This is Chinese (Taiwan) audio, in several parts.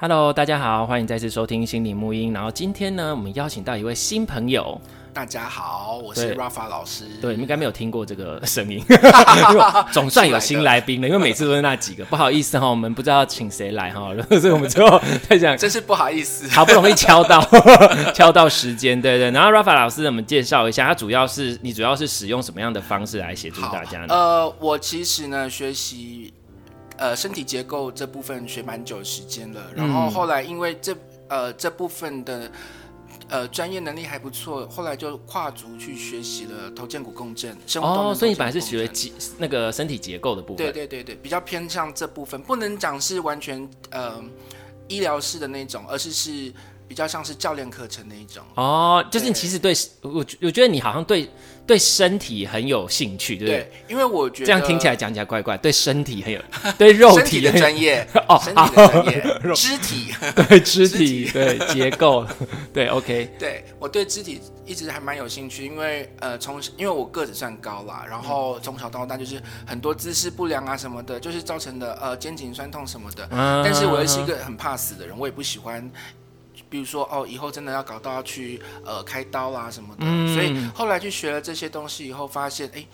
Hello，大家好，歡迎再次收聽曦和沐音。然後今天呢，我們邀請到一位新朋友。大家好，我是 Rafa 老師。對，你們應該沒有聽過這個聲音，總算有新來賓了。因為每次都是那幾個，不好意思哈，我們不知道請誰來哈，所以我們就在講，真是不好意思，好不容易敲到敲到時間，對對。然後 Rafa 老師，我們介紹一下，他主要是你主要是使用什麼樣的方式來協助大家呢？呃，我其實呢，學習。呃，身體結構這部分學蠻久時間了，然後後來因為這呃這部分的呃專業能力還不錯，後來就跨足去學習了頭薦骨共振、生物共振哦。所以你本來是學那個身體結構的部分？對對對對，比較偏向這部分，不能講是完全呃醫療式的那種，而是是。比較像是教練課程的一種哦，就是你其實對，我我覺得你好像對對身體很有興趣，對不對？因為我覺得這樣聽起來講起來怪怪，對身體很有，對肉體的專業哦，身體的專業，肢體對肢體對結構對，OK，對我對肢體一直還蠻有興趣，因為呃，從因為我個子算高啦，然後從小到大就是很多姿勢不良啊什麼的，就是造成的呃肩頸痠痛什麼的，嗯，但是我又是一個很怕死的人，我也不喜歡。比如說哦，以後真的要搞到要去呃開刀啦、啊、什麼的，嗯、所以後來去學了這些東西以後，發現誒、欸，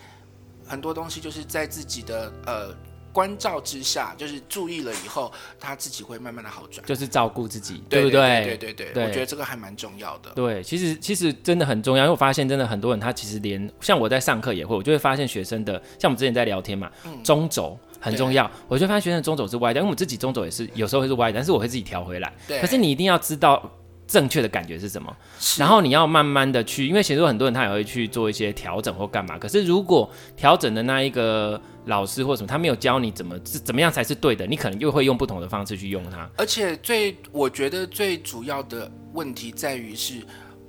很多東西就是在自己的呃觀照之下，就是注意了以後，他自己會慢慢的好轉，就是照顧自己，對不對？對對對，對對對，對對對對，我覺得這個還蠻重要的。對，其實其實真的很重要，因為我發現真的很多人，他其實連像我在上課也會，我就會發現學生的，像我們之前在聊天嘛，中軸。嗯很重要，對我就發現學生中軸是歪的，因為我們自己中軸也是有時候會是歪的，但是我會自己調回來。對。可是你一定要知道正確的感覺是什麼？是然後你要慢慢的去，因為其實很多人他也會去做一些調整或幹嘛。可是如果調整的那一個老師或什麼，他沒有教你怎麼怎麼樣才是對的，你可能又會用不同的方式去用它。而且最我覺得最主要的問題在於是，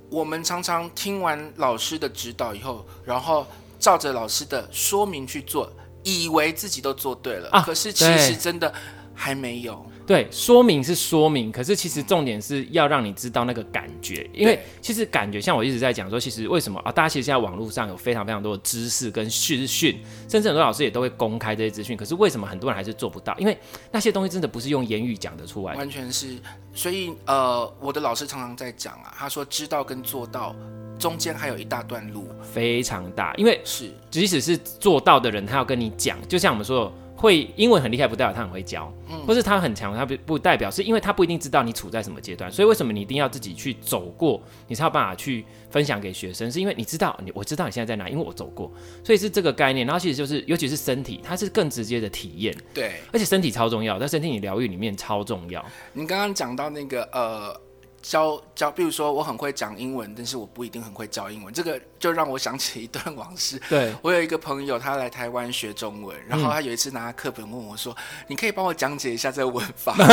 我們常常聽完老師的指導以後，然後照着老師的說明去做。以為自己都做對了啊，可是其實對真的還沒有。對，說明是說明，可是其實重點是要讓你知道那個感覺，嗯、因為其實感覺像我一直在講說，其實為什麼啊？大家其實現在網絡上有非常非常多的知識跟訊息，甚至很多老師也都會公開這些資訊，可是為什麼很多人還是做不到？因為那些東西真的不是用言語講得出來的，完全是。所以呃，我的老師常常在講啊，他說知道跟做到。中間還有一大段路，非常大，因為是即使是做到的人，他要跟你講，就像我們說，會英文很厲害不代表他很會教，嗯、或是他很強，他不不代表是因為他不一定知道你處在什麼階段，所以為什麼你一定要自己去走過，你才有辦法去分享給學生，是因為你知道你，我知道你現在在哪，因為我走過，所以是這個概念。然後其實就是，尤其是身體，它是更直接的體驗，對，而且身體超重要，在身體你療癒裡面超重要。你剛剛講到那個呃。教教，比如說我很會講英文，但是我不一定很會教英文。這個就讓我想起一段往事。對，我有一個朋友，他來台灣學中文，嗯、然後他有一次拿課本問我說：“你可以幫我講解一下這個文法嗎？”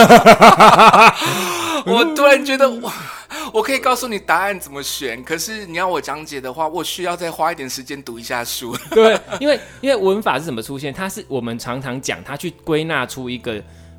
我突然覺得哇，我可以告訴你答案怎麼選，可是你要我講解的話，我需要再花一點時間讀一下書。對，因為因為文法是怎麼出現？它是我們常常講，它去歸納出一個。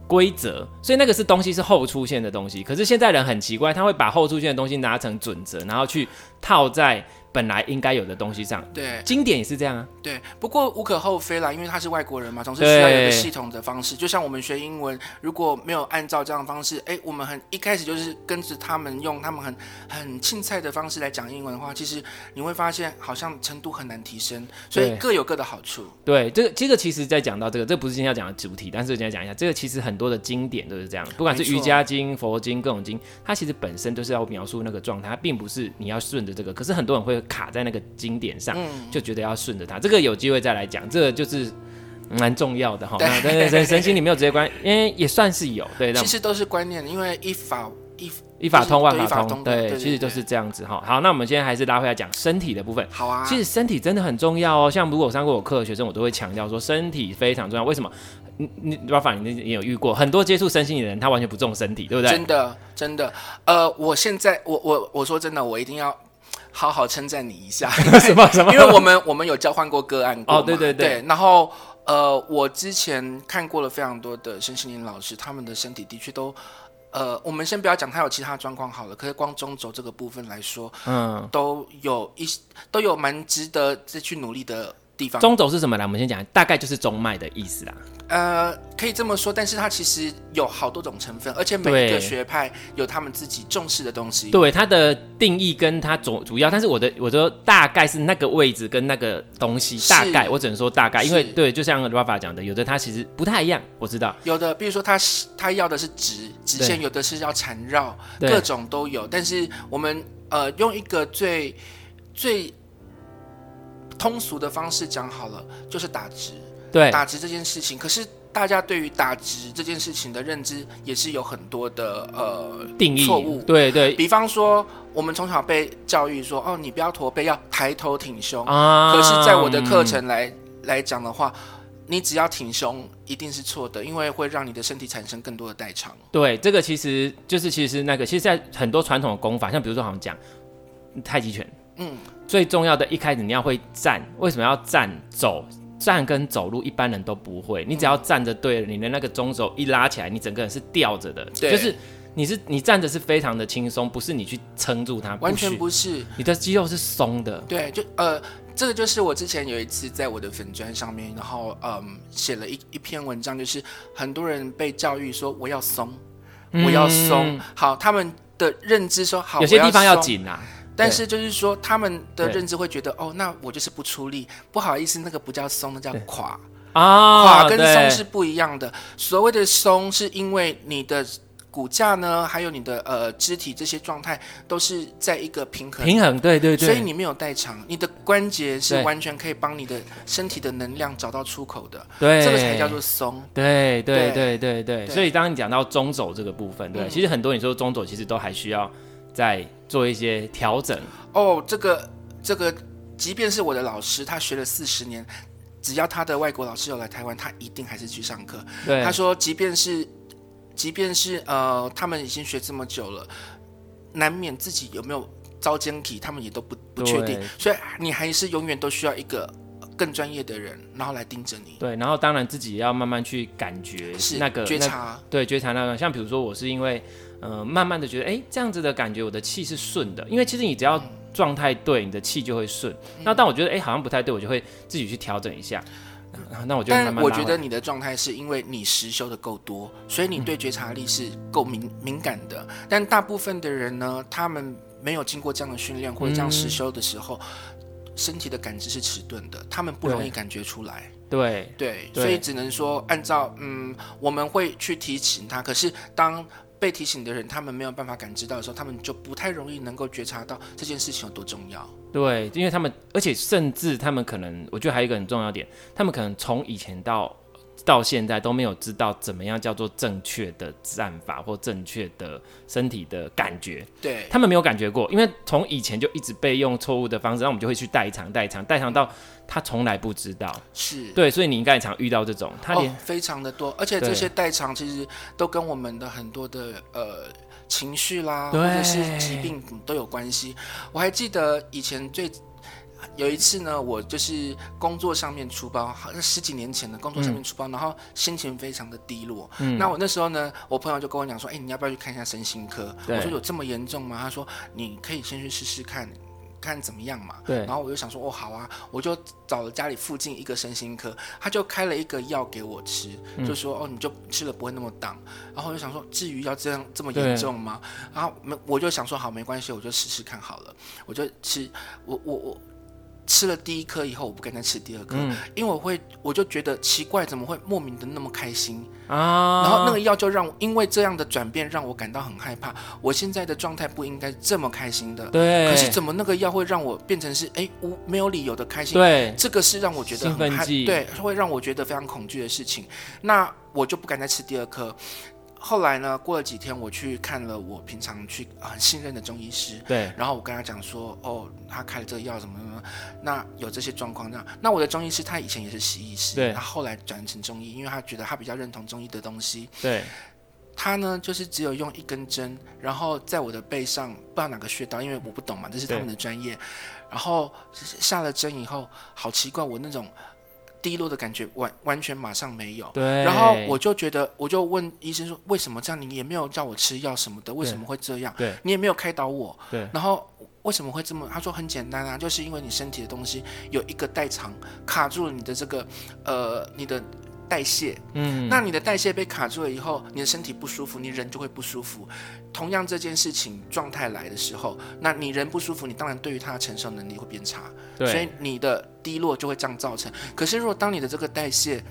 規則，所以那個是東西是後出現的東西，可是現在人很奇怪，他會把後出現的東西拿成準則，然後去套在。本來應該有的東西上，對，經典也是這樣啊。對，不過無可厚非啦，因為他是外國人嘛，總是需要有個系統的方式。對就像我們學英文，如果沒有按照這樣的方式，哎、欸，我們很一開始就是跟着他們用他們很很青菜的方式來講英文的話，其實你會發現好像程度很難提升。所以各有各的好處。對，對，這個這個其實，在講到這個，這個、不是今天要講的主題，但是我今天講一下，這個其實很多的經典都是這樣，不管是瑜伽經、錯佛經、各種經，它其實本身都是要描述那個狀態，它並不是你要順着這個。可是很多人會。卡在那個經典上，嗯、就覺得要順着它。這個有機會再來講，這個就是蠻重要的哈對。對對對，身心靈沒有直接關，因為、 欸、也算是有對。其實都是觀念，因為一法一一法通萬法通，就是、通對，其實就是這樣子哈。好，那我們現在還是拉回來講身體的部分。好啊，其實身體真的很重要哦。像如果我上過我課的學生，我都會強調說身體非常重要。為什麼？你 Rafa, 你你也有遇過很多接觸身心靈的人，他完全不重身體，對不對？真的真的。呃，我現在我我我說真的，我一定要。好好稱讚你一下， 什因為我們我們有交換過個案過嘛？哦、對對對。然後，呃，我之前看過了非常多的身心靈老師，他們的身體的確都，呃，我們先不要講他有其他狀況好了，可是光中軸這個部分來說，嗯，都有一都有蠻值得再去努力的。中軸是什麼呢？我們先講，大概就是中脈的意思啦。呃，可以這麼說，但是它其實有好多種成分，而且每一個學派有他們自己重視的東西。對，它的定義跟它主主要，但是我的，我的大概是那個位置跟那個東西，大概，是我只能說大概，因為是對，就像 Rafa 講的，有的它其實不太一樣，我知道。有的，比如說它它要的是直直線，有的是要纏繞，對各種都有。但是我們呃用一個最最。通俗的方式講好了，就是打直，對，打直這件事情，可是大家對於打直這件事情的認知也是有很多的呃定義錯誤，對對。比方說我們從小被教育說哦你不要駝背要抬頭挺胸啊，可是在我的課程來、嗯、來講的話，你只要挺胸一定是錯的，因為會讓你的身體產生更多的代償。對，這個其實就是其實那個，其實在很多傳統的功法，像比如說好像講太極拳，嗯。最重要的一開始，你要會站。為什麼要站？走站跟走路，一般人都不會。你只要站着，對了，嗯、你的那個中軸一拉起來，你整個人是吊着的，對就是你是你站着是非常的輕鬆，不是你去撐住它，完全不是。你的肌肉是鬆的，對，就呃，這個就是我之前有一次在我的粉專上面，然後嗯寫、呃、了一一篇文章，就是很多人被教育說我要鬆，我要鬆，嗯、好，他們的認知說好，有些地方要緊啊。對但是就是說，他們的認知會覺得，對哦，那我就是不出力，不好意思，那個不叫鬆，那個、叫垮啊。哦、垮跟鬆是不一樣的。對所謂的鬆，是因為你的骨架呢，還有你的呃肢體這些狀態，都是在一個平衡平衡，對對對。所以你沒有代償，你的關節是完全可以幫你的身體的能量找到出口的。對，這個才叫做鬆。對對對對對。對所以當你講到中軸這個部分，對，嗯、其實很多你說中軸其實都還需要在。做一些調整哦，oh, 這個這個，即便是我的老師，他學了四十年，只要他的外國老師有來台灣，他一定還是去上課。對，他說即，即便是即便是呃，他們已經學這麼久了，難免自己有沒有遭奸體，他們也都不不確定。對所以你還是永遠都需要一個更專業的人，然後來盯着你。對，然後當然自己也要慢慢去感覺是那個覺察，對覺察那個。像比如說，我是因為。嗯、呃，慢慢的覺得，哎、欸，這樣子的感覺，我的氣是順的，因為其實你只要狀態對，嗯、你的氣就會順。嗯、那但我覺得，哎、欸，好像不太對，我就會自己去調整一下。呃、那我覺得，我覺得你的狀態是因為你實修的夠多，所以你對覺察力是夠敏、嗯、敏感的。但大部分的人呢，他們沒有經過這樣的訓練或者這樣實修的時候，嗯、身體的感知是遲鈍的，他們不容易感覺出來。對對，對對，所以只能說按照嗯，我們會去提醒他。可是當被提醒的人，他們沒有辦法感知到的時候，他們就不太容易能夠覺察到這件事情有多重要。對，因為他們，而且甚至他們可能，我覺得還有一個很重要點，他們可能從以前到。到現在都沒有知道怎麼樣叫做正確的站法或正確的身體的感覺，對，對他們沒有感覺過，因為從以前就一直被用錯誤的方式，那我們就會去代償，代償，代償到他從來不知道，是對，所以你應該也常遇到這種，他連、oh, 非常的多，而且這些代償其實都跟我們的很多的呃情緒啦對或者是疾病都有關係。我還記得以前最。有一次呢，我就是工作上面出包，好像十幾年前的工作上面出包，嗯、然後心情非常的低落。嗯、那我那時候呢，我朋友就跟我講說：“哎、欸，你要不要去看一下身心科？”對我說：“有這麼嚴重嗎？”他說：“你可以先去試試看，看怎麼樣嘛。”對。然後我就想說：“哦，好啊。”我就找了家裡附近一個身心科，他就開了一個藥給我吃，就說：“哦，你就吃了不會那麼當。”然後我就想說：“至於要這樣這麼嚴重嗎？”對然後沒，我就想說：“好，沒關係，我就試試看好了。”我就吃，我我我。吃了第一顆以後，我不敢再吃第二顆，嗯，因為我會我就覺得奇怪，怎麼會莫名的那麼開心？啊，然後那個藥就讓，因為這樣的轉變讓我感到很害怕。我現在的狀態不應該這麼開心的，對。可是怎麼那個藥會讓我變成是誒，無、欸、沒有理由的開心？對，這個是讓我覺得很害，興奮劑。對，會讓我覺得非常恐懼的事情。那我就不敢再吃第二顆。後來呢？過了幾天，我去看了我平常去很、呃、信任的中醫師。對。然後我跟他講說：“哦，他開了這個藥，怎麼怎麼，那有這些狀況，那，那我的中醫師他以前也是西醫師，對。他後來轉成中醫，因為他覺得他比較認同中醫的東西。對。他呢，就是只有用一根針，然後在我的背上不知道哪個穴道，因為我不懂嘛，這是他們的專業。對然後下了針以後，好奇怪，我那種。低落的感覺完完全馬上沒有，對，然後我就覺得，我就問醫生說，為什麼這樣？你也沒有叫我吃藥什麼的，為什麼會這樣？對，你也沒有開導我，對。然後為什麼會這麼？他說很簡單啊，就是因為你身體的東西有一個代償，卡住了你的這個，呃，你的。代謝，嗯，那你的代謝被卡住了以後，你的身體不舒服，你人就會不舒服。同樣這件事情狀態來的時候，那你人不舒服，你當然對於它的承受能力會變差。對，所以你的低落就會這樣造成。可是如果當你的這個代謝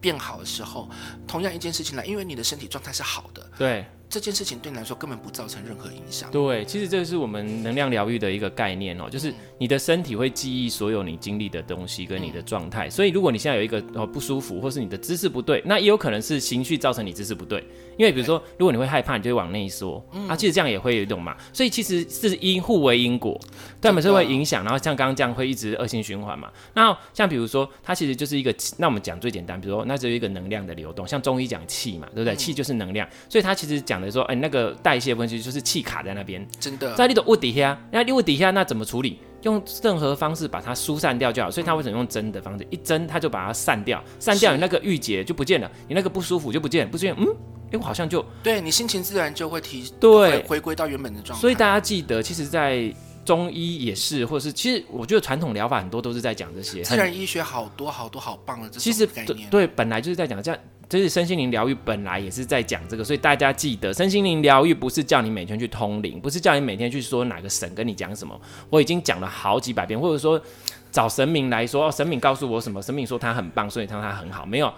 變好的時候，同樣一件事情來，因為你的身體狀態是好的，對。這件事情對你來說根本不造成任何影響。對，其實這是我們能量療癒的一個概念哦，就是你的身體會記憶所有你經歷的東西跟你的狀態。嗯、所以如果你現在有一個哦不舒服，或是你的姿勢不對，那也有可能是情緒造成你姿勢不對。因為比如說，唉如果你會害怕，你就會往內縮，嗯、啊，其實這樣也會有一種嘛。所以其實是因互為因果，對嘛，是會影響。然後像剛剛這樣會一直惡性循環嘛。那像比如說，它其實就是一個，那我們講最簡單，比如說，那只有一個能量的流動，像中醫講氣嘛，對不對？嗯、氣就是能量，所以它其實講。比如說哎、欸，那個代謝問題就是氣卡在那邊，真的你在你的物底下，那物底下，那怎麼處理？用任何方式把它疏散掉就好，所以他為什麼用蒸的方式？嗯、一蒸，他就把它散掉，散掉，你那個鬱結就不見了，是你那個不舒服就不見了，不見了，嗯，哎、欸，我好像就對你心情自然就會提，對會回歸到原本的狀態。所以大家記得，其實，在。中醫也是，或者是，其實我覺得傳統療法很多都是在講這些。自然醫學好多好多好棒的，其實對對，本來就是在講這樣，就是身心靈療癒本來也是在講這個，所以大家記得，身心靈療癒不是叫你每天去通靈，不是叫你每天去說哪個神跟你講什麼。我已經講了好幾百遍，或者說找神明來說，神明告訴我什麼，神明說他很棒，所以他很好，沒有。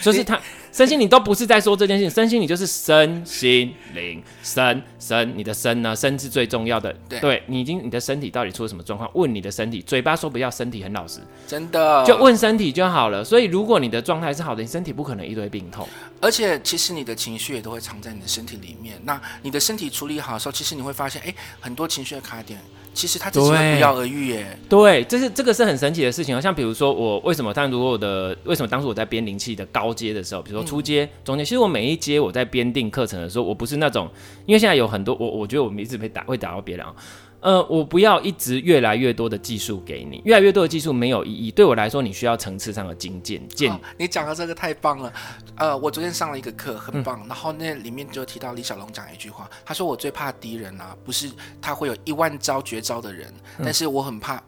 就是他你 身心，你都不是在說這件事。 身心，你就是身心靈，身身，身，你的身呢？身是最重要的。對，對你已經，你的身體到底出了什麼狀況？問你的身體，嘴巴說不要，身體很老實，真的，就問身體就好了。所以，如果你的狀態是好的，你身體不可能一堆病痛。而且，其實你的情緒也都會藏在你的身體裡面。那你的身體處理好的時候，其實你會發現，哎，很多情緒的卡點。其實他只是不藥而癒耶，對。對，這是這個是很神奇的事情哦。像比如說我為什麼？但如果我的為什麼？當時我在編靈氣的高階的時候，比如說初階、中階，其實我每一階我在編定課程的時候，我不是那種，因為現在有很多我，我覺得我們一直被打，會打到別人啊。呃，我不要一直越來越多的技術給你，越來越多的技術沒有意義。對我來說，你需要層次上的精簡。簡、哦，你講的這個太棒了。呃，我昨天上了一個課，很棒。嗯、然後那裡面就提到李小龍講一句話，他說：“我最怕敵人啊，不是他會有一萬招絕招的人，嗯、但是我很怕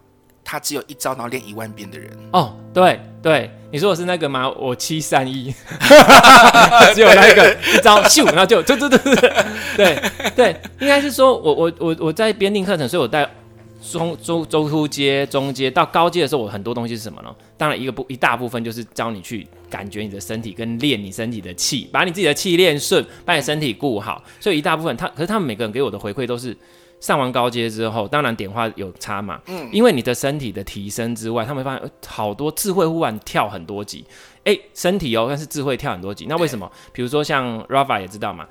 他只有一招，然後練一萬遍的人。”哦，對對。你說我是那個嗎？我七三一， 只有那個一招秀，舞，然後就突突突對對對對對對，應該是說我我我我在編訂課程，所以我在中中中初階、中階到高階的時候，我很多東西是什麼呢？當然一個部一大部分就是教你去感覺你的身體，跟練你身體的氣，把你自己的氣練順，把你身體顧好。所以一大部分，他可是他們每個人給我的回饋都是。上完高階之後，當然點化有差嘛，嗯，因為你的身體的提升之外，嗯、他們會發現好多智慧忽然跳很多級，哎、欸，身體哦、喔，但是智慧跳很多級，那為什麼？比對如說像 Rafa 也知道嘛，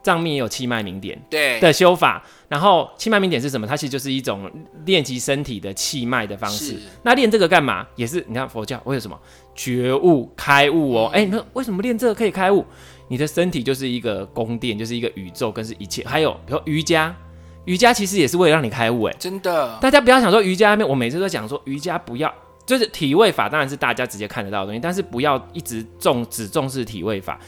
藏密也有氣脈明點的修法，對然後氣脈明點是什麼？它其實就是一種練習身體的氣脈的方式。是那練這個幹嘛？也是你看佛教什、喔嗯欸、為什麼覺悟開悟哦？哎，你說為什麼練這個可以開悟？你的身體就是一個宮殿，就是一個宇宙，更是一切。還有比如說瑜伽。瑜伽其實也是為了讓你開悟，欸，誒，真的，大家不要想說瑜伽那邊，我每次都講說瑜伽不要，就是體位法當然是大家直接看得到的東西，但是不要一直重只重視體位法。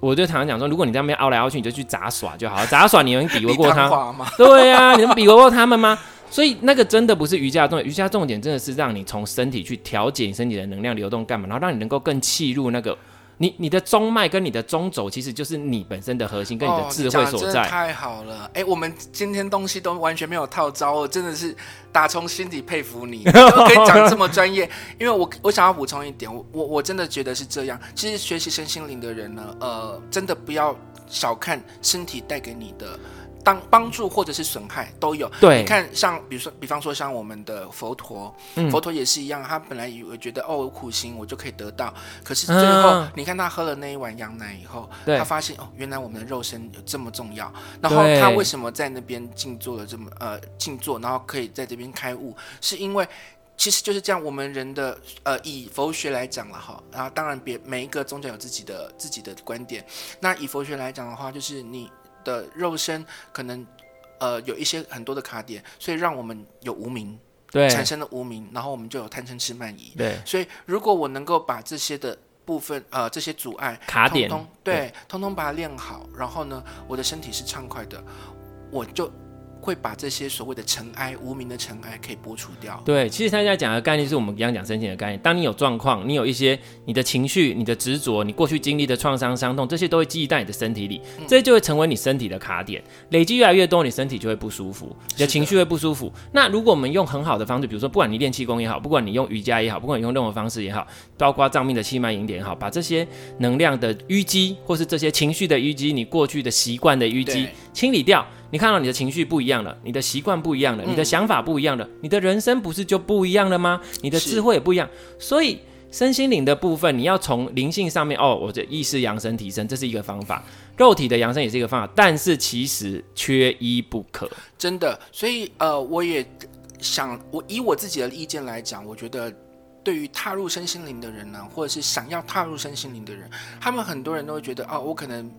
我就常常講說，如果你在那邊凹來凹去，你就去雜耍就好了，雜耍你能比得過他們？對呀，啊，你能比得過他們嗎？ 所以那個真的不是瑜伽的重點，瑜伽重點真的是讓你從身體去調節你身體的能量流動幹嘛，然後讓你能夠更契入那個。你你的中脈跟你的中軸其實就是你本身的核心跟你的智慧所在。哦、太好了，哎、欸，我們今天東西都完全沒有套招，哦真的是打從心底佩服你， 都可以講這麼專業。因為我我想要補充一點，我我我真的覺得是這樣。其實學習身心靈的人呢，呃，真的不要小看身體帶給你的。當幫助或者是損害都有。對，你看，像比如說，比方說，像我們的佛陀，嗯、佛陀也是一樣，他本來以為覺得哦，我苦行我就可以得到，可是最後、啊、你看他喝了那一碗羊奶以後，對他發現哦，原來我們的肉身有這麼重要。然後他為什麼在那邊靜坐了這麼呃靜坐，然後可以在這邊開悟，是因為其實就是這樣。我們人的呃，以佛學來講了哈，然後當然別每一個宗教有自己的自己的觀點。那以佛學來講的話，就是你。的肉身可能，呃，有一些很多的卡點，所以讓我們有無明，對，產生了無明，然後我們就有貪嗔痴慢疑，對。所以如果我能夠把這些的部分，呃，這些阻礙卡點通對，通通對把它練好，然後呢，我的身體是暢快的，我就，會把這些所謂的塵埃、無名的塵埃可以撥除掉。對，其實大家講的概念是我們一樣講身體的概念。當你有狀況，你有一些你的情緒、你的執着、你過去經歷的創傷、傷痛，這些都會記憶在你的身體裡，這些就會成為你身體的卡點，累積越來越多，你身體就會不舒服，你的,的情緒會不舒服。那如果我們用很好的方式，比如說不管你練氣功也好，不管你用瑜伽也好，不管你用任何方式也好，包括藏密的氣脈明點也好，把這些能量的淤積或是這些情緒的淤積、你過去的習慣的淤積對清理掉。你看到你的情緒不一樣了，你的習慣不一樣了，嗯、你的想法不一樣了，你的人生不是就不一樣了嗎？你的智慧也不一樣，是所以身心靈的部分，你要從靈性上面哦，我的意識揚升提升，這是一個方法，肉體的揚升也是一個方法，但是其實缺一不可，真的。所以呃，我也想，我以我自己的意見來講，我覺得對於踏入身心靈的人呢、啊，或者是想要踏入身心靈的人，他們很多人都會覺得啊、哦，我可能。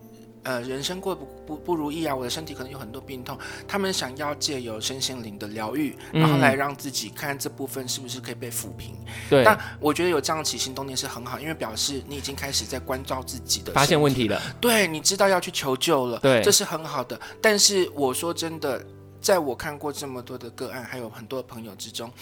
呃，人生過不不不如意啊，我的身體可能有很多病痛，他們想要借由身心靈的療癒，嗯、然後來讓自己看看這部分是不是可以被撫平。對，但我覺得有這樣的起心動念是很好，因為表示你已經開始在關照自己的。發現問題了。對，你知道要去求救了。對，這是很好的。但是我說真的，在我看過這麼多的個案，還有很多的朋友之中，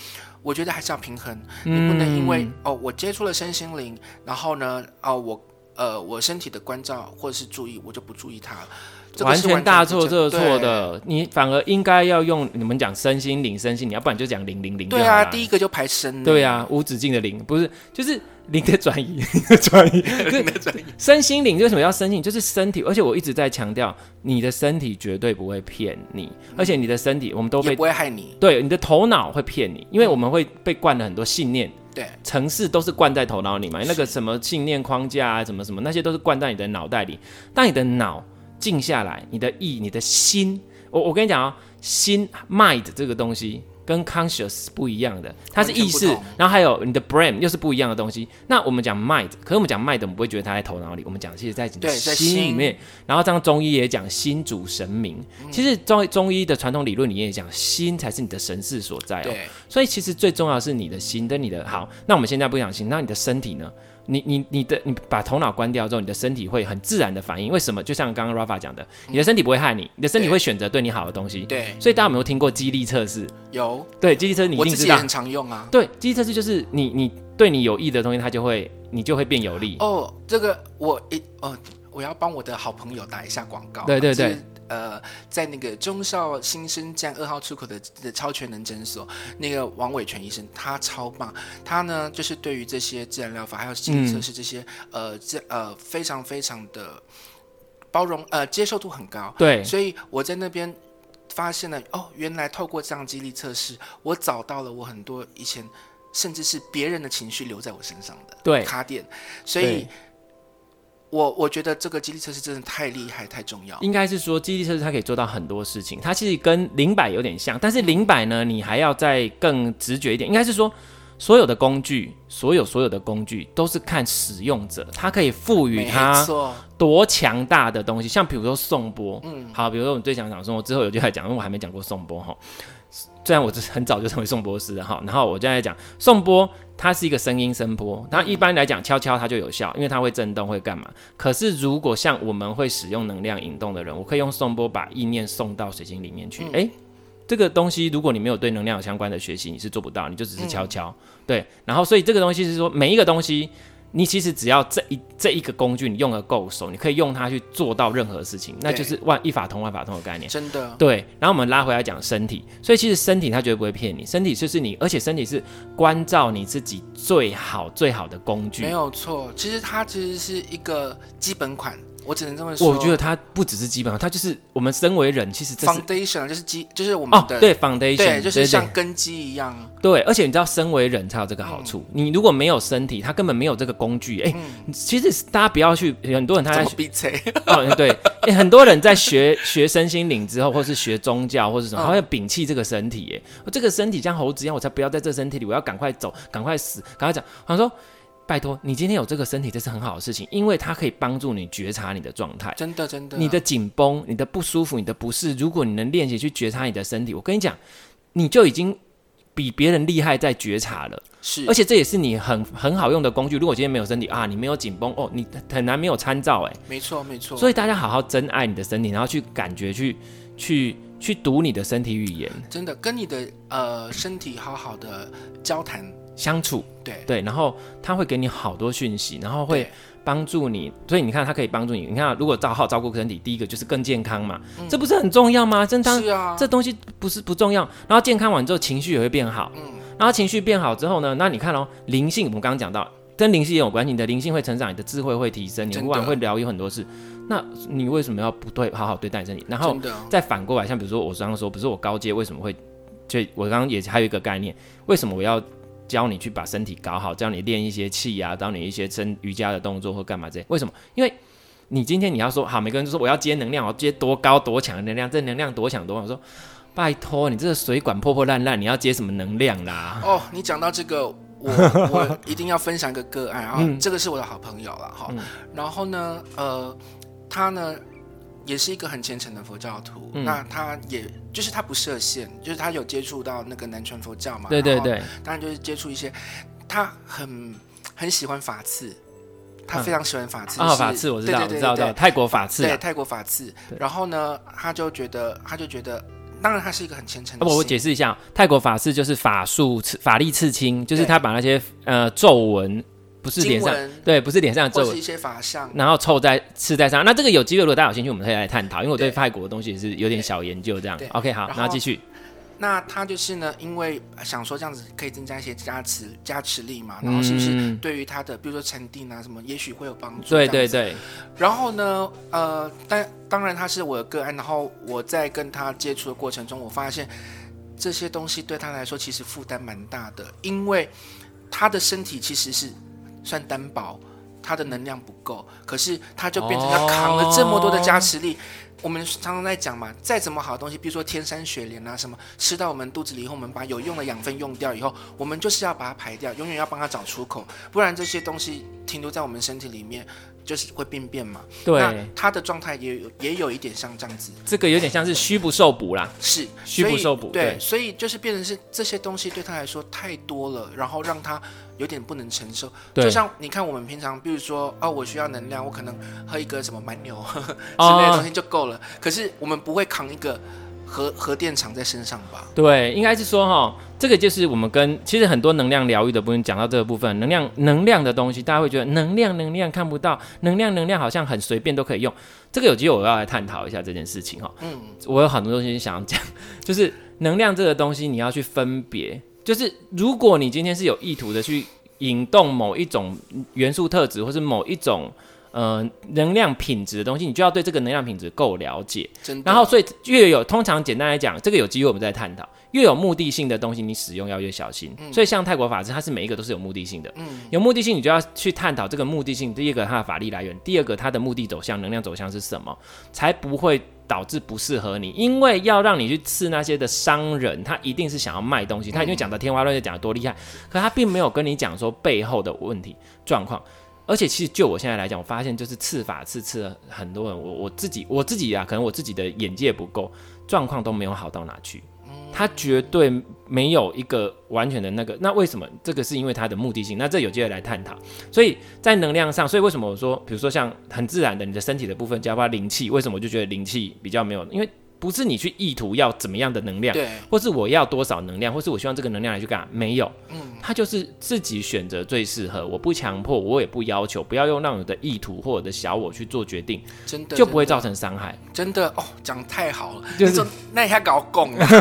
我覺得還是要平衡，你不能因為、嗯、哦，我接觸了身心靈，然後呢，哦，我。呃，我身體的關照或者是注意，我就不注意它了。這個，完，全完全大錯特錯的，對你反而應該要用你們講身心靈，身心靈，要不然就講靈靈靈。啊對啊，第一個就排身、欸。對啊，無止境的靈，不是就是靈的轉移、轉移、轉 移，就是。身心靈就什麼？叫身心，就是身體。而且我一直在強調，你的身體絕對不會騙你，嗯，而且你的身體我們都被不會害你。對，你的頭腦會騙你，因為我們會被灌了很多信念。對，程式都是灌在頭腦裡嘛，那個什麼信念框架啊，什麼什麼那些都是灌在你的腦袋裡。當你的腦靜下來，你的意，你的心，我我跟你講啊、哦，心 mind 這個東西。跟 conscious 不一樣的，它是意識，然後還有你的 brain 又是不一樣的東西。那我們講 mind，可是我們講 mind 我們不會覺得它在頭腦裡，我們講其實在你的心裡面。然後像中醫也講心主神明，嗯、其實中中醫的傳統理論裡面也講心才是你的神識所在、哦。對，所以其實最重要是你的心，跟你的好。那我們現在不講心，那你的身體呢？你你你的你把頭腦關掉之後，你的身體會很自然的反應。為什麼？就像剛剛 Rafa 講的，嗯、你的身體不會害你，你的身體會選擇對你好的東西。對，對所以大家有沒有聽過激勵測試？有。對，激勵測試你一定知道。我自己也很常用啊。對，激勵測試就是你你對你有益的東西，它就會你就會變有利。哦，這個我一哦、呃，我要幫我的好朋友打一下廣告、啊。對對對。就是呃，在那個忠孝新生站二號出口的的超全能診所，那個王偉全醫生，他超棒。他呢，就是對於這些自然療法，還有心理測試這些，嗯、呃，這呃非常非常的包容，呃，接受度很高。對，所以我在那邊發現了哦，原來透過這樣的肌力測試，我找到了我很多以前甚至是別人的情緒留在我身上的卡點，所以。我我覺得這個肌力測試真的太厲害，太重要。應該是說肌力測試它可以做到很多事情，它其實跟靈擺有點像，但是靈擺呢，你還要再更直覺一點。應該是說所有的工具，所有所有的工具都是看使用者，它可以賦予它多強大的東西。錯像比如說頌缽，嗯，好，比如說我們最想講頌缽，我之後有句話講，因為我還沒講過頌缽哈。雖然我是很早就成為頌缽師哈，然後我就在講頌缽。它是一個聲音聲波，它一般來講敲敲它就有效，因為它會震動會幹嘛？可是如果像我們會使用能量引動的人，我可以用頌缽把意念送到水晶裡面去。嗯、誒，這個東西如果你沒有對能量有相關的學習，你是做不到，你就只是敲敲、嗯、對。然後所以這個東西是說每一個東西。你其實只要這一這一個工具，你用得夠熟，你可以用它去做到任何事情，對那就是萬一法通萬法通的概念。真的。對。然後我們拉回來講身體，所以其實身體它絕對不會騙你，身體就是你，而且身體是關照你自己最好最好的工具。沒有錯，其實它其實是一個基本款。我只能這麼說。我覺得它不只是基本上，它就是我們身為人，其實這是 foundation，就是基，就是我們的、哦、對 foundation，對對對就是像根基一樣。對，對，對，而且你知道，身為人才有這個好處。嗯、你如果沒有身體，它根本沒有這個工具。哎，嗯、其實大家不要去，很多人他在學、嗯、對， 很多人在學學身心靈之後，或是學宗教，或是什麼，他要摒棄這個身體。哎、嗯，這個身體像猴子一樣，我才不要在這身體裡，我要趕快走，趕快死，趕快講。他說。拜託，你今天有這個身體，這是很好的事情，因為它可以幫助你覺察你的狀態。真的，真的，你的緊繃、你的不舒服、你的不適，如果你能練習去覺察你的身體，我跟你講，你就已經比別人厲害在覺察了。是，而且這也是你很很好用的工具。如果今天沒有身體啊，你沒有緊繃哦，你很難沒有參照。哎，沒錯，沒錯。所以大家好好珍愛你的身體，然後去感覺，去去去讀你的身體語言。真的，跟你的呃身體好好的交談。相處，對對，然後他會給你好多訊息，然後會幫助你，對所以你看他可以幫助你。你看，如果好好照顧身體，第一個就是更健康嘛，嗯、這不是很重要嗎？真的，是啊，這東西不是不重要。然後健康完之後，情緒也會變好，嗯，然後情緒變好之後呢，那你看哦靈性，我們剛剛講到，跟靈性也有關係，你的靈性會成長，你的智慧會提升，的你往往會療癒很多事。那你為什麼要不對，好好對待身體，然後再反過來，像比如說我剛剛說，不是我高階為什麼會？就我剛剛也還有一個概念，為什麼我要？教你去把身體搞好，教你練一些氣啊，教你一些身瑜伽的動作或幹嘛這些。為什麼？因為你今天你要說好，每個人就說我要接能量，我要接多高多強的能量，這能量多強多強，我說，拜托，你這個水管破破爛爛，你要接什麼能量啦？哦，你講到這個，我我一定要分享一個個案， 啊。嗯、這個是我的好朋友了哈。嗯、然後呢，呃，他呢？也是一個很虔誠的佛教徒，嗯、那他也就是他不設限，就是他有接觸到那個南傳佛教嘛，對對對，然當然就是接觸一些，他很很喜歡法刺，他非常喜歡法刺，啊、就是、啊法刺我知，我，知我知道，我知道，泰國法刺，啊法，對泰國法刺，對然後呢，他就覺得他就覺得，當然他是一個很虔誠的，我、啊、我解釋一下、哦，泰國法刺就是法術刺法力刺青，就是他把那些對呃咒文。不是臉上文對，不是臉上的是一些法相，然後湊在刺在上。那這個有機會，如果大家有興趣，我們可以來探討。對因為我對泰國的東西是有點小研究。這樣，OK，好，那後後繼續。那他就是呢，因為想說這樣子可以增加一些加持加持力嘛，然後是不是對於他的，嗯、比如說禪定啊什麼，也許會有幫助？對對對。對對，然後呢，呃，但當然他是我的個案，然後我在跟他接觸的過程中，我發現這些東西對他來說其實負擔蠻大的，因為他的身體其實是。算單薄，它的能量不夠，可是它就變成它扛了這麼多的加持力。Oh. 我們常常在講嘛，再怎麼好的東西，比如說天山雪蓮啊什麼，吃到我們肚子裡以後，我們把有用的養分用掉以後，我們就是要把它排掉，永遠要幫它找出口，不然這些東西停留在我們身體裡面。就是會病變嘛，那他的狀態也有也有一點像這樣子，這個有點像是虛不受補啦，是虛不受補，對，所以就是變成是這些東西對他來說太多了，然後讓他有點不能承受。就像你看我們平常，比如說哦，我需要能量，我可能喝一個什麼蠻牛之類的東西就夠了，可是我們不會扛一個。核核電廠在身上吧？對，應該是說哈，這個就是我們跟其實很多能量療癒的部分講到這個部分，能量能量的東西，大家會覺得能量能量看不到，能量能量好像很隨便都可以用。這個有機會我要來探討一下這件事情哈。嗯，我有很多東西想要講，就是能量這個東西你要去分別，就是如果你今天是有意圖的去引動某一種元素特質，或是某一種。嗯、呃，能量品質的東西，你就要對這個能量品質夠了解。的然後，所以越有通常簡單來講，這個有機會我們再探討，越有目的性的東西，你使用要越，越小心。嗯、所以，像泰國法師，他是每一個都是有目的性的。嗯、有目的性，你就要去探討這個目的性。第一個，他的法力來源；第二個，他的目的走向、能量走向是什麼，才不會導致不適合你。因為要讓你去刺那些的商人，他一定是想要賣東西。嗯、他因為講到天花亂墜，講的多厲害，可他並沒有跟你講說背後的問題狀況。而且其實就我現在來講，我發現就是刺法刺，刺了很多人，我我自己我自己啊，可能我自己的眼界不夠，狀況都沒有好到哪去。他絕對沒有一個完全的那個，那為什麼這個是因為他的目的性？那這有機會來探討。所以在能量上，所以為什麼我說，比如說像很自然的你的身體的部分，加上靈氣，為什麼我就覺得靈氣比較沒有，因為。不是你去意圖要怎麼樣的能量，對，或是我要多少能量，或是我希望這個能量來去幹，沒有，嗯，他就是自己選擇最適合，我不強迫，我也不要求，不要用那我的意圖或者小我去做決定，真的就不會造成傷害，真的哦，講太好了，就是那你還搞拱，他、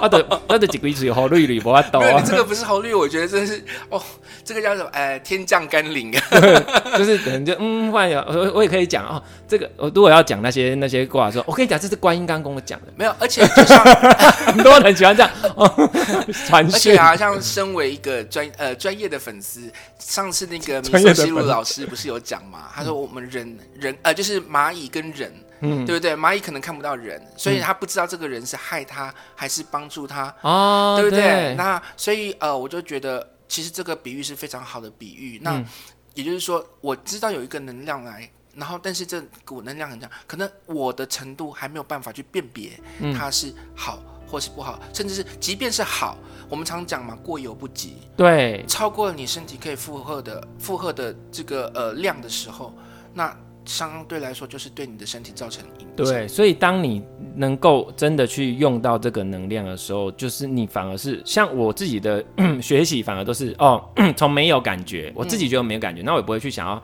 啊、 的他的幾個意思好綠綠，我愛倒啊， 你這個不是好綠，我覺得真的是哦，這個叫什麼？哎、呃，天降甘霖， 就是等着嗯，萬一我我也可以講哦，這個我如果要講那些那些話，說，我可以講這觀音剛跟我講的沒， 沒有，而且就像 很多人很喜歡這樣傳。而且啊，像身為一個專呃專業的粉絲，上次那個米索西路老師不是有講嘛，他說我們人人呃就是螞蟻跟人，嗯、對不對？螞蟻可能看不到人，所以他不知道這個人是害他還是幫助他、嗯、對不對？哦、對那所以呃，我就覺得其實這個比喻是非常好的比喻。那、嗯、也就是說，我知道有一個能量來。然後，但是這股能量很強，可能我的程度還沒有辦法去辨別它是好或是不好，嗯、甚至是即便是好，我們常講嘛，過猶不及。對，超過了你身體可以負荷的負荷的這個呃量的時候，那相對來說就是對你的身體造成影響。對，所以當你能夠真的去用到這個能量的時候，就是你反而是像我自己的學習，反而都是哦，從沒有感覺，我自己覺得沒有感覺，嗯、那我也不會去想要。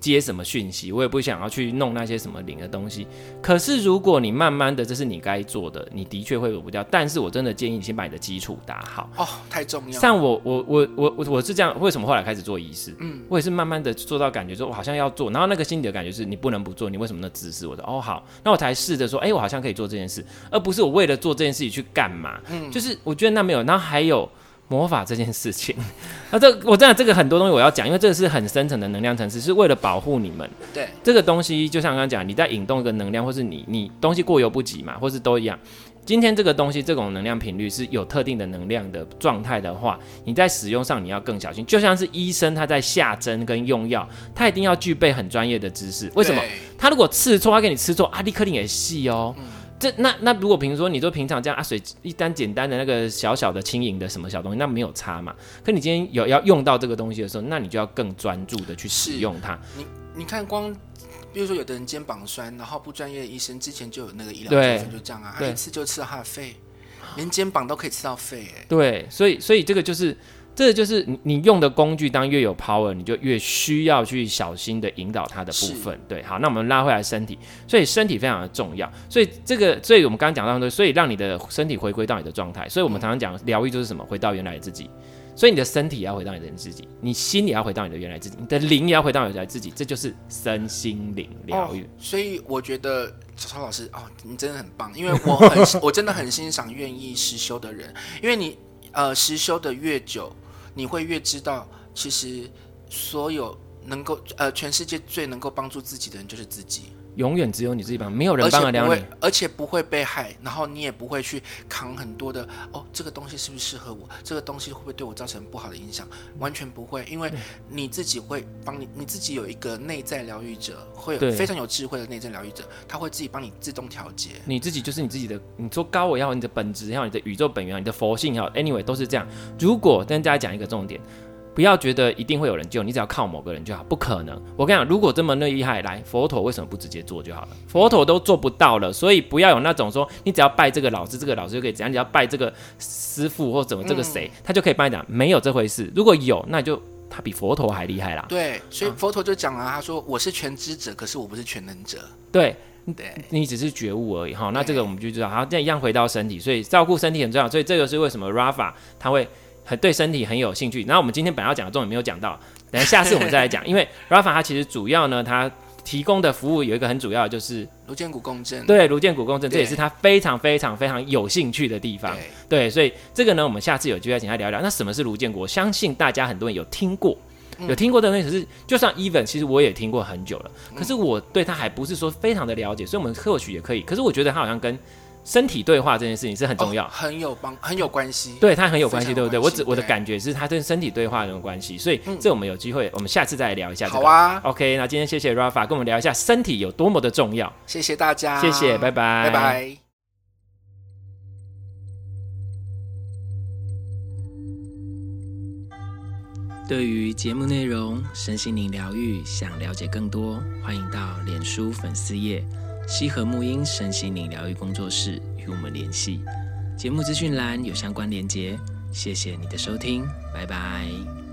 接什麼訊息，我也不想要去弄那些什麼靈的東西。可是如果你慢慢的，這是你該做的，你的確會躲不掉。但是我真的建議你先把你的基礎打好哦，太重要。像我我我我我我是這樣，為什麼後來開始做儀式？嗯，我也是慢慢的做到感覺說，我好像要做。然後那個心裡的感覺是，你不能不做，你為什麼那姿勢？我說哦好，那我才試着說，哎、欸，我好像可以做這件事，而不是我為了做這件事情去幹嘛。嗯，就是我覺得那沒有，然後還有。魔法這件事情，那、啊、這我真的這個很多東西我要講，因為這個是很深層的能量層次，是為了保護你們。對，這個東西就像剛剛講，你在引動一個能量，或是你你東西過猶不及嘛，或是都一樣。今天這個東西這種能量頻率是有特定的能量的狀態的話，你在使用上你要更小心。就像是醫生他在下針跟用藥，他一定要具備很專業的知識。對為什麼？他如果刺錯，他給你刺錯，啊，你肯定會死哦。嗯這那那如果比如說你就平常這樣啊，水一單簡單的那個小小的輕盈的什麼小東西，那沒有差嘛。可你今天有要用到這個東西的時候，那你就要更專注的去使用它。你你看光，比如說有的人肩膀酸，然後不專業的醫生之前就有那個醫療糾紛，就這樣啊，他對、啊、一次就吃了他的肺，連肩膀都可以吃到肺，欸，哎。對，所以所以這個就是。這個就是你你用的工具，當越有 power，你就越需要去小心的引導它的部分。是對，好，那我們拉回來身體，所以身體非常的重要。所以這個，所以我們剛剛講到的，所以讓你的身體回歸到你的狀態。所以我們常常講療癒就是什麼，回到原來自己。所以你的身體也要回到你的原來自己，你心也要回到你的原來的自己，你的靈也要回到你的原來自己。這就是身心靈療癒、哦。所以我覺得朝朝老師哦，你真的很棒，因為我很 我真的很欣賞願意實修的人，因為你呃實修的越久。你會越知道，其實所有能夠呃，全世界最能夠幫助自己的人就是自己。永遠只有你自己幫，沒有人幫我療癒，而，而，而且不會被害，然後你也不會去扛很多的哦，這個東西是不是適合我？這個東西會不會對我造成不好的影響？完全不會，因為你自己會幫你，對你自己有一個內在療癒者，會非常有智慧的內在療癒者，他會自己幫你自動調節。你自己就是你自己的，你說高維也好，你的本質也好，你的宇宙本源也好，你的佛性也好，anyway 都是這樣。如果跟大家講一個重點。不要覺得一定會有人救你，只要靠某個人就好，不可能。我跟你講，如果這麼厲害，來佛陀為什麼不直接做就好了？佛陀都做不到了，所以不要有那種說你只要拜這個老師，這個老師就可以；怎樣，你只要拜這個師傅或怎麼、嗯、這個誰，他就可以幫你講，沒有這回事。如果有，那你就他比佛陀還厲害啦。對，所以佛陀就講了，啊、他說我是全知者，可是我不是全能者。對，對你只是覺悟而已哈。那這個我們就知道，他現在一樣回到身體，所以照顧身體很重要。所以這個是為什麼 Rafa 他會。很對身體很有興趣，然後我們今天本來要講的重點沒有講到，等下，下次我們再來講。 因為 Rafa 它其實主要呢，它提供的服務有一個很主要的就是顱薦骨共振，對顱薦骨共振，對這也是他非常非常非常有興趣的地方。對，對，所以這個呢，我們下次有機會請他聊聊。那什麼是顱薦骨？我相信大家很多人有聽過，嗯、有聽過的那西，可是就算 Even 其實我也聽過很久了，可是我對他還不是說非常的了解，嗯、所以我們或許也可以。可是我覺得他好像跟身體對話這件事情是很重要，哦、很有幫，很有關係。對，他很有關係，對不對？我只我的感覺是，他對身體對話有關係。所以，這我們有機會，嗯、我們下次再來聊一下、這個。好啊，OK。那今天謝謝 Rafa 跟我們聊一下身體有多麼的重要。謝謝大家，謝謝，拜拜，拜拜。對於節目內容，身心靈療癒，想了解更多，歡迎到臉書粉絲頁。曦和沐音身心靈療癒工作室與我們聯繫，節目資訊欄有相關連接。謝謝你的收聽，拜拜。